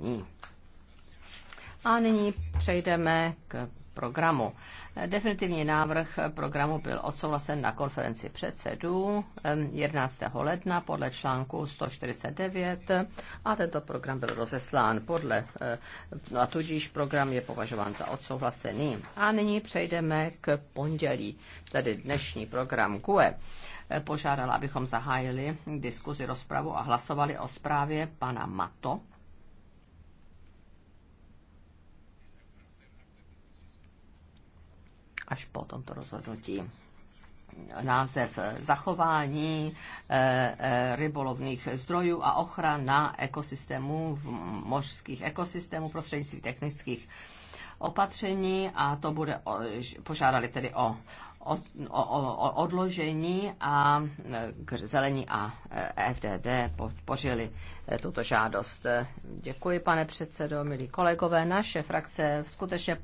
Hmm. A nyní přejdeme k programu. Definitivní návrh programu byl odsouhlasen na konferenci předsedů 11. ledna podle článku 149 a tento program byl rozeslán podle, eh, a tudíž program je považován za odsouhlasený. A nyní přejdeme k pondělí, tedy dnešní program QE. Požádala, abychom zahájili diskuzi, rozpravu a hlasovali o zprávě pana Mato. až po tomto rozhodnutí název eh, zachování eh, eh, rybolovných zdrojů a ochrana ekosystémů, mořských ekosystémů prostřednictvím technických opatření a to bude, požádali tedy o od, o, o, odložení a e, zelení a e, FDD podpořili e, tuto žádost. Děkuji, pane předsedo, milí kolegové. Naše frakce skutečně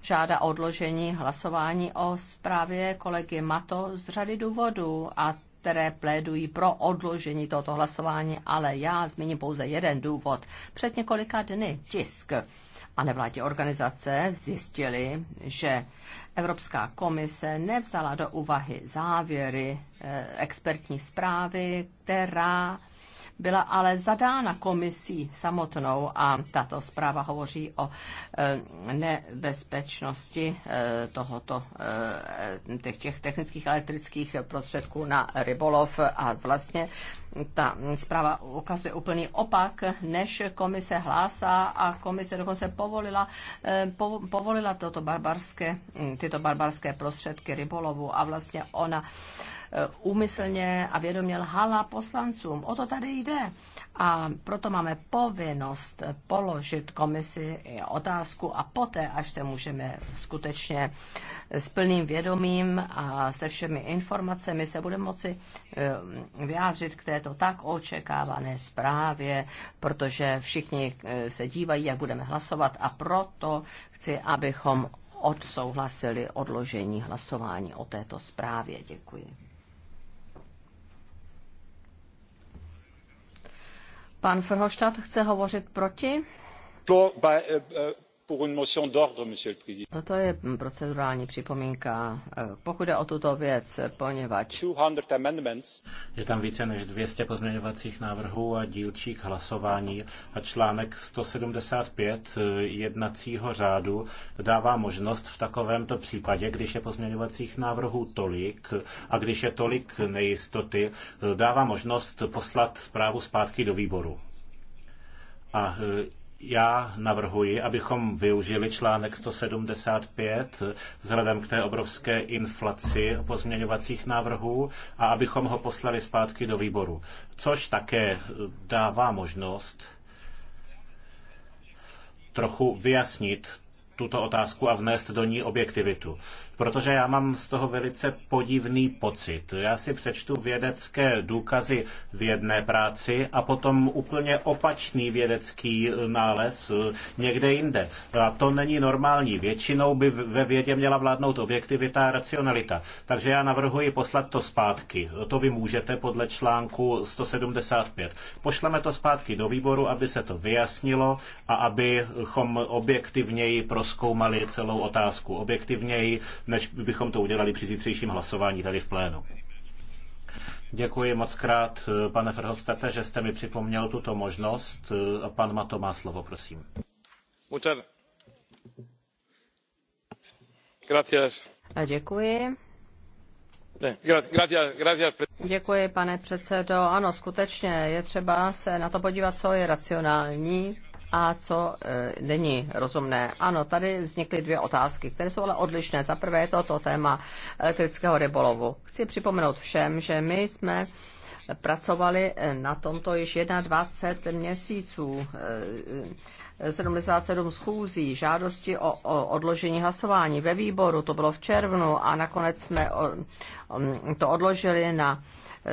žádá odložení hlasování o zprávě kolegy Mato z řady důvodů a které plédují pro odložení tohoto hlasování, ale já zmíním pouze jeden důvod. Před několika dny tisk a nevládní organizace zjistili, že Evropská komise nevzala do úvahy závěry eh, expertní zprávy, která byla ale zadána komisí samotnou a tato zpráva hovoří o e, nebezpečnosti e, tohoto, e, těch, těch technických elektrických prostředků na rybolov a vlastně ta zpráva ukazuje úplný opak, než komise hlásá a komise dokonce povolila, po, povolila toto barbarské, tyto barbarské prostředky rybolovu a vlastně ona Eh, úmyslně a vědomě lhala poslancům. O to tady jde. A proto máme povinnost položit komisi otázku a poté, až se můžeme skutečně s plným vědomím a se všemi informacemi se budeme moci eh, vyjádřit k této tak očekávané zprávě, protože všichni eh, se dívají, jak budeme hlasovat a proto chci, abychom odsouhlasili odložení hlasování o této zprávě. Děkuji. Pan Verhofstadt chce hovořit proti? To je procedurální připomínka, eh, pokud je o tuto věc, poněvadž je tam více než 200 pozměňovacích návrhů a dílčích hlasování a článek 175 eh, jednacího řádu dává možnost v takovémto případě, když je pozměňovacích návrhů tolik a když je tolik nejistoty, eh, dává možnost poslat zprávu zpátky do výboru. A já navrhuji, abychom využili článek 175 vzhledem k té obrovské inflaci pozměňovacích návrhů a abychom ho poslali zpátky do výboru, což také dává možnost trochu vyjasnit tuto otázku a vnést do ní objektivitu protože já mám z toho velice podivný pocit. Já si přečtu vědecké důkazy v jedné práci a potom úplně opačný vědecký nález někde jinde. A to není normální. Většinou by ve vědě měla vládnout objektivita a racionalita. Takže já navrhuji poslat to zpátky. To vy můžete podle článku 175. Pošleme to zpátky do výboru, aby se to vyjasnilo a abychom objektivněji proskoumali celou otázku. Objektivněji než bychom to udělali při zítřejším hlasování tady v plénu. Děkuji moc krát, pane Verhofstadte, že jste mi připomněl tuto možnost. Pan Mato má slovo, prosím. Gracias. Děkuji. Děkuji, pane předsedo. Ano, skutečně je třeba se na to podívat, co je racionální a co e, není rozumné. Ano, tady vznikly dvě otázky, které jsou ale odlišné. Za prvé je to, téma elektrického rybolovu. Chci připomenout všem, že my jsme pracovali na tomto již 21 měsíců. E, 77 schůzí, žádosti o, o odložení hlasování ve výboru, to bylo v červnu a nakonec jsme o, o, um, to odložili na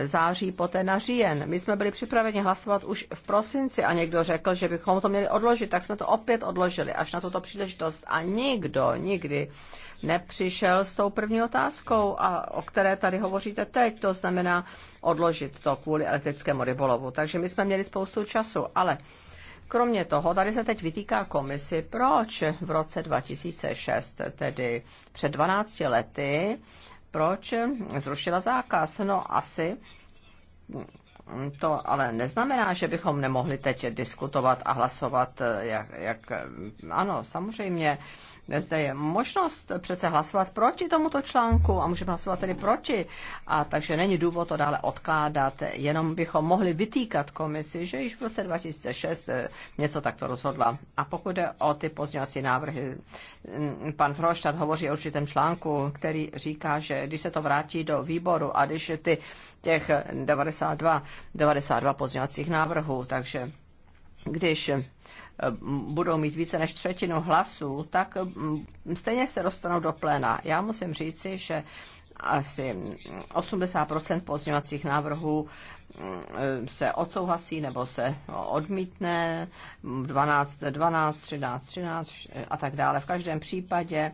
září, poté na říjen. My jsme byli připraveni hlasovat už v prosinci a někdo řekl, že bychom to měli odložit, tak jsme to opět odložili až na tuto příležitost a nikdo nikdy nepřišel s tou první otázkou, a o které tady hovoříte teď, to znamená odložit to kvůli elektrickému rybolovu. Takže my jsme měli spoustu času, ale Kromě toho, tady se teď vytýká komisi, proč v roce 2006, tedy před 12 lety, proč zrušila zákaz. No asi to ale neznamená, že bychom nemohli teď diskutovat a hlasovat, jak, jak ano, samozřejmě zde je možnost přece hlasovat proti tomuto článku a můžeme hlasovat tedy proti. A takže není důvod to dále odkládat, jenom bychom mohli vytýkat komisi, že již v roce 2006 eh, něco takto rozhodla. A pokud jde o ty pozměňovací návrhy, mm, pan Froštat hovoří o určitém článku, který říká, že když se to vrátí do výboru a když ty těch 92, 92 pozměňovacích návrhů, takže když budou mít více než třetinu hlasů, tak stejně se dostanou do pléna. Já musím říci, že asi 80% pozměňovacích návrhů e, se odsouhlasí nebo se odmítne, 12, 12, 13, 13 a tak dále v každém případě.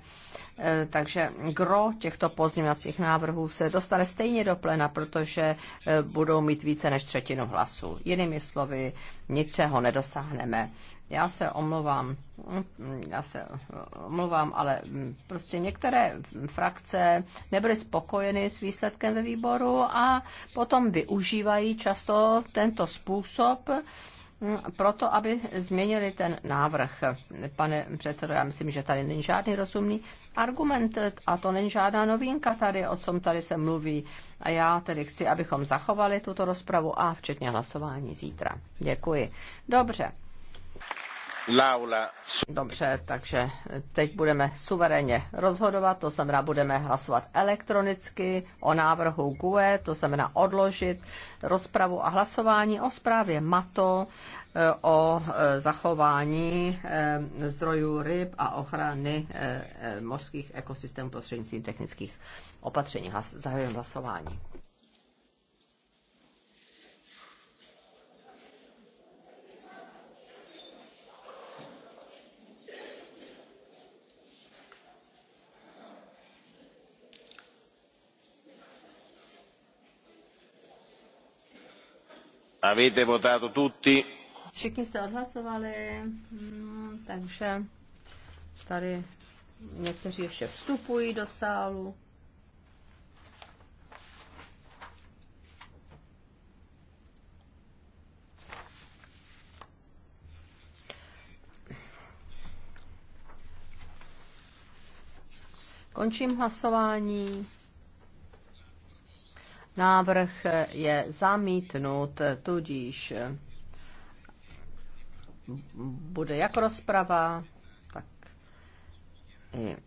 E, takže gro těchto pozměňovacích návrhů se dostane stejně do plena, protože e, budou mít více než třetinu hlasů. Jinými slovy, ničeho nedosáhneme. Já se omlouvám, já se omlouvám, ale prostě některé frakce nebyly spokojeny s výsledkem ve výboru a potom využívají často tento způsob, mm, proto, aby změnili ten návrh. Pane předsedo, já myslím, že tady není žádný rozumný argument a to není žádná novinka tady, o čem tady se mluví. A já tedy chci, abychom zachovali tuto rozpravu a včetně hlasování zítra. Děkuji. Dobře, Dobře, takže teď budeme suverénně rozhodovat, to znamená, budeme hlasovat elektronicky o návrhu GUE, to znamená odložit rozpravu a hlasování o zprávě MATO, eh, o eh, zachování eh, zdrojů ryb a ochrany mořských ekosystémů prostřednictvím technických opatření. Hlas, Zahajujeme hlasování. Avete votato tutti? Všichni jste odhlasovali, hmm, takže tady někteří ještě vstupují do sálu. Končím hlasování. Návrh je zamítnut, tudíž bude jak rozprava, tak i e,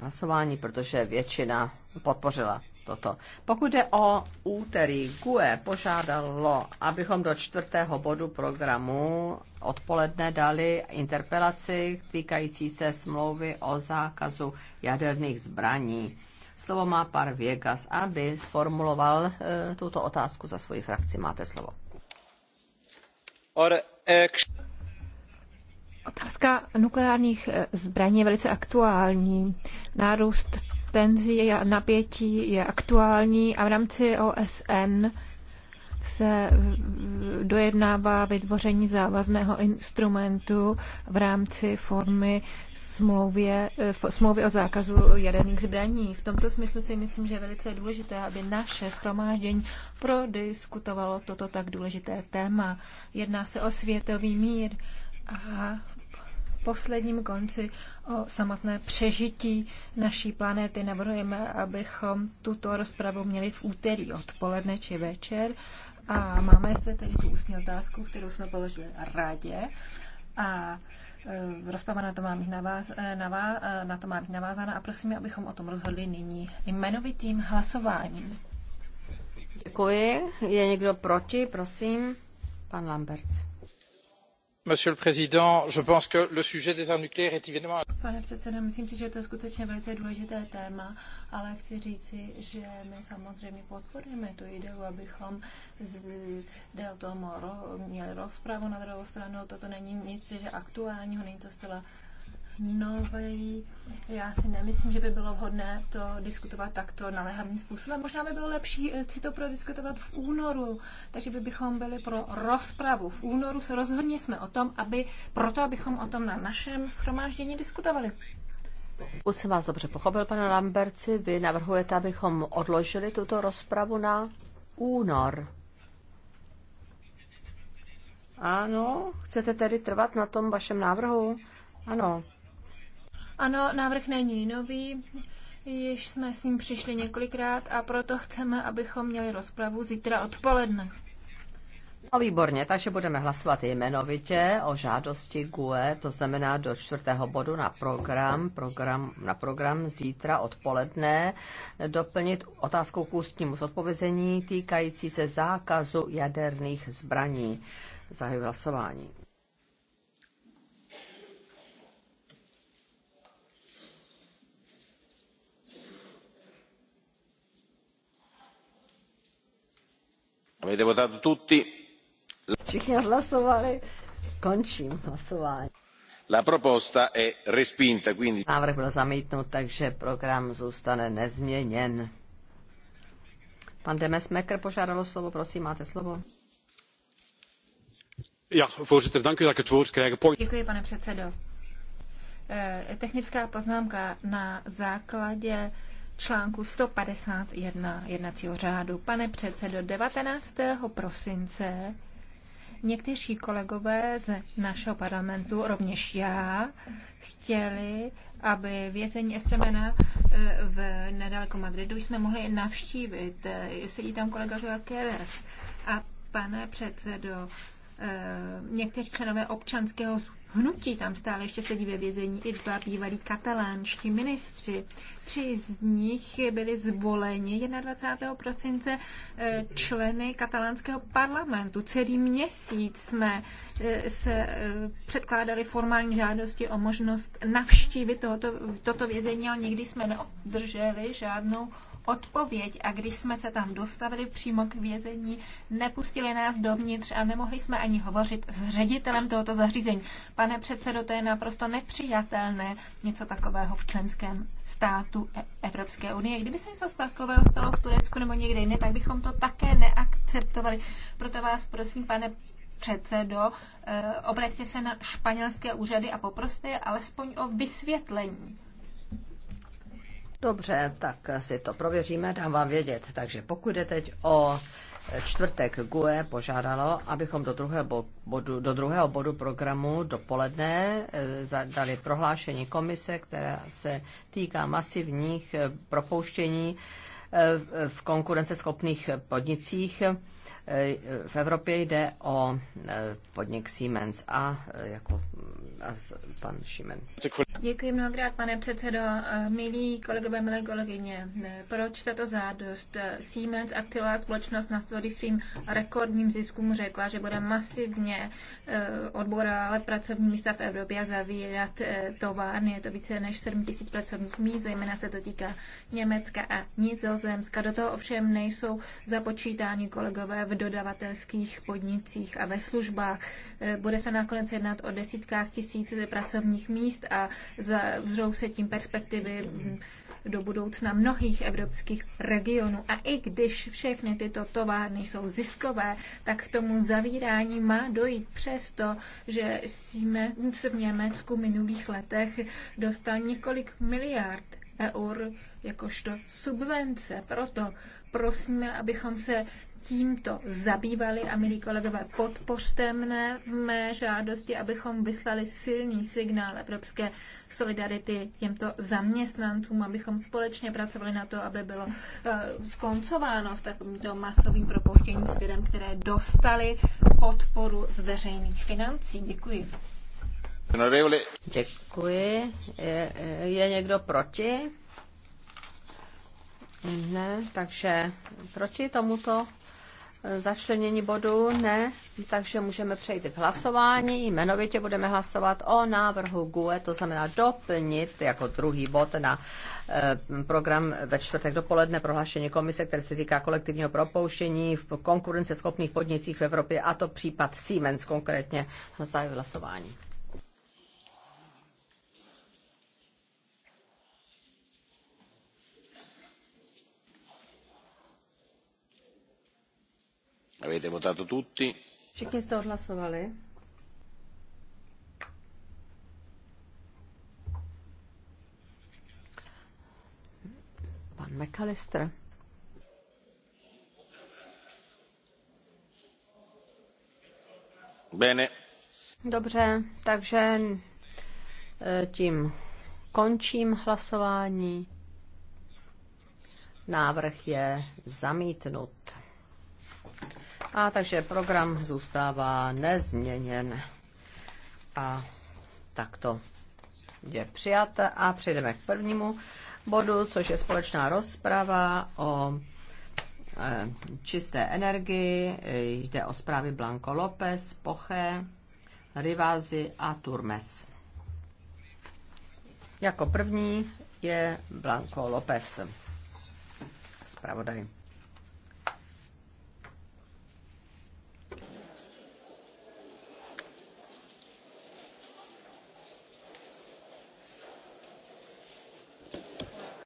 hlasování, protože většina podpořila toto. Pokud je o úterý, GUE požádalo, abychom do čtvrtého bodu programu odpoledne dali interpelaci týkající se smlouvy o zákazu jaderných zbraní. Slovo má pan Věgas, aby sformuloval e, tuto otázku za svoji frakci. Máte slovo. E, Otázka nukleárních e, zbraní je velice aktuální. Nárůst tenzí a napětí je aktuální a v rámci OSN se dojednává vytvoření závazného instrumentu v rámci formy smlouvě, eh, smlouvy o zákazu jaderných zbraní. V tomto smyslu si myslím, že je velice důležité, aby naše schromáždění prodiskutovalo toto tak důležité téma. Jedná se o světový mír a posledním konci o samotné přežití naší planety. Navrhujeme, abychom tuto rozpravu měli v úterý odpoledne či večer a máme zde tedy tu ústní otázku, kterou jsme položili rádě, A e, rozprava na to má být naváz, e, navá, e, na to má být navázána a prosím, abychom o tom rozhodli nyní jmenovitým hlasováním. Děkuji. Je někdo proti? Prosím. Pan Lamberts. Pane předsedo, myslím si, že to je skutečně velice důležité téma, ale chci říci, že my samozřejmě podporujeme tu ideu, abychom zde o tom měli rozpravu. Na druhou stranu toto není nic, že aktuálního, není to zcela nový. Já si nemyslím, že by bylo vhodné to diskutovat takto naléhavým způsobem. Možná by bylo lepší eh, si to prodiskutovat v únoru, takže by bychom byli pro rozpravu. V únoru se rozhodně jsme o tom, aby, proto abychom o tom na našem schromáždění diskutovali. Pokud jsem vás dobře pochopil, pane Lamberci, vy navrhujete, abychom odložili tuto rozpravu na únor. Ano, chcete tedy trvat na tom vašem návrhu? Ano, ano, návrh není nový, již jsme s ním přišli několikrát a proto chceme, abychom měli rozpravu zítra odpoledne. No výborně, takže budeme hlasovat jmenovitě o žádosti GUE, to znamená do čtvrtého bodu na program, program, na program zítra odpoledne, doplnit otázkou k ústnímu zodpovězení týkající se zákazu jaderných zbraní. Zahajuji hlasování. Všichni hlasovali. Končím hlasování. La proposta è respinta, quindi... Návrh byl zamítnut, takže program zůstane nezměněn. Pan Demesmeker požádal slovo, prosím, máte slovo. Ja, voorzitter, dank u dat ik het woord krijg. Děkuji, pane předsedo. Eh, technická poznámka na základě článku 151 jednacího řádu. Pane předsedo, 19. prosince někteří kolegové z našeho parlamentu, rovněž já, chtěli, aby vězení Estemena eh, v nedaleko Madridu jsme mohli navštívit. Eh, sedí tam kolega Joel Keres. A pane předsedo, eh, někteří členové občanského hnutí. Tam stále ještě sedí ve vězení i dva bývalí katalánští ministři. Tři z nich byli zvoleni 21. prosince eh, členy katalánského parlamentu. Celý měsíc jsme eh, se eh, předkládali formální žádosti o možnost navštívit tohoto, toto vězení, ale nikdy jsme neobdrželi žádnou odpověď a když jsme se tam dostavili přímo k vězení, nepustili nás dovnitř a nemohli jsme ani hovořit s ředitelem tohoto zařízení. Pane předsedo, to je naprosto nepřijatelné něco takového v členském státu e- Evropské unie. Kdyby se něco takového stalo v Turecku nebo někde jinde, tak bychom to také neakceptovali. Proto vás prosím, pane předsedo, eh, obraťte se na španělské úřady a poproste je alespoň o vysvětlení. Dobře, tak si to prověříme, dám vám vědět. Takže pokud je teď o čtvrtek GUE požádalo, abychom do druhého bodu, do druhého bodu programu dopoledne eh, zadali prohlášení komise, která se týká masivních eh, propouštění eh, v konkurenceschopných podnicích Eh, v Evropě jde o eh, podnik Siemens a eh, jako a pan Šimen. Děkuji mnohokrát, pane předsedo. Milí kolegové, milé kolegyně, proč tato zádost? Siemens, aktivová společnost na navzdory svým rekordním ziskům řekla, že bude masivně odborovat pracovní místa v Evropě a zavírat továrny. Je to více než 7 000 pracovních míst, zejména se to týká Německa a Nizozemska. Do toho ovšem nejsou započítáni kolegové kolegové v dodavatelských podnicích a ve službách. Eh, bude se nakonec jednat o desítkách tisíc pracovních míst a vzrou se tím perspektivy mm, do budoucna mnohých evropských regionů. A i když všechny tyto továrny jsou ziskové, tak k tomu zavírání má dojít přesto, že Siemens v Německu v minulých letech dostal několik miliard eur jakožto subvence. Proto prosíme, abychom se tímto zabývali a milí kolegové, podpořte mne v mé žádosti, abychom vyslali silný signál evropské solidarity těmto zaměstnancům, abychom společně pracovali na to, aby bylo eh, skoncováno s takovýmto masovým propouštěním svědem, které dostali podporu z veřejných financí. Děkuji. Děkuji. Je, je někdo proti? Ne, takže proti tomuto začlenění bodu? Ne, takže můžeme přejít k hlasování. Jmenovitě budeme hlasovat o návrhu GUE, to znamená doplnit jako druhý bod na eh, program ve čtvrtek dopoledne prohlášení komise, které se týká kolektivního propouštění v konkurenceschopných podnicích v Evropě, a to případ Siemens konkrétně. na Zahajuji hlasování. Avete votato tutti? Všichni jste odhlasovali? Pan McAllister. Bene. Dobře, takže e, tím končím hlasování. Návrh je zamítnut. A takže program zůstává nezměněn. A takto je přijat. A přejdeme k prvnímu bodu, což je společná rozprava o eh, čisté energii. Jde o zprávy Blanco López, Poche, Rivázy a Turmes. Jako první je Blanco López, zpravodaj.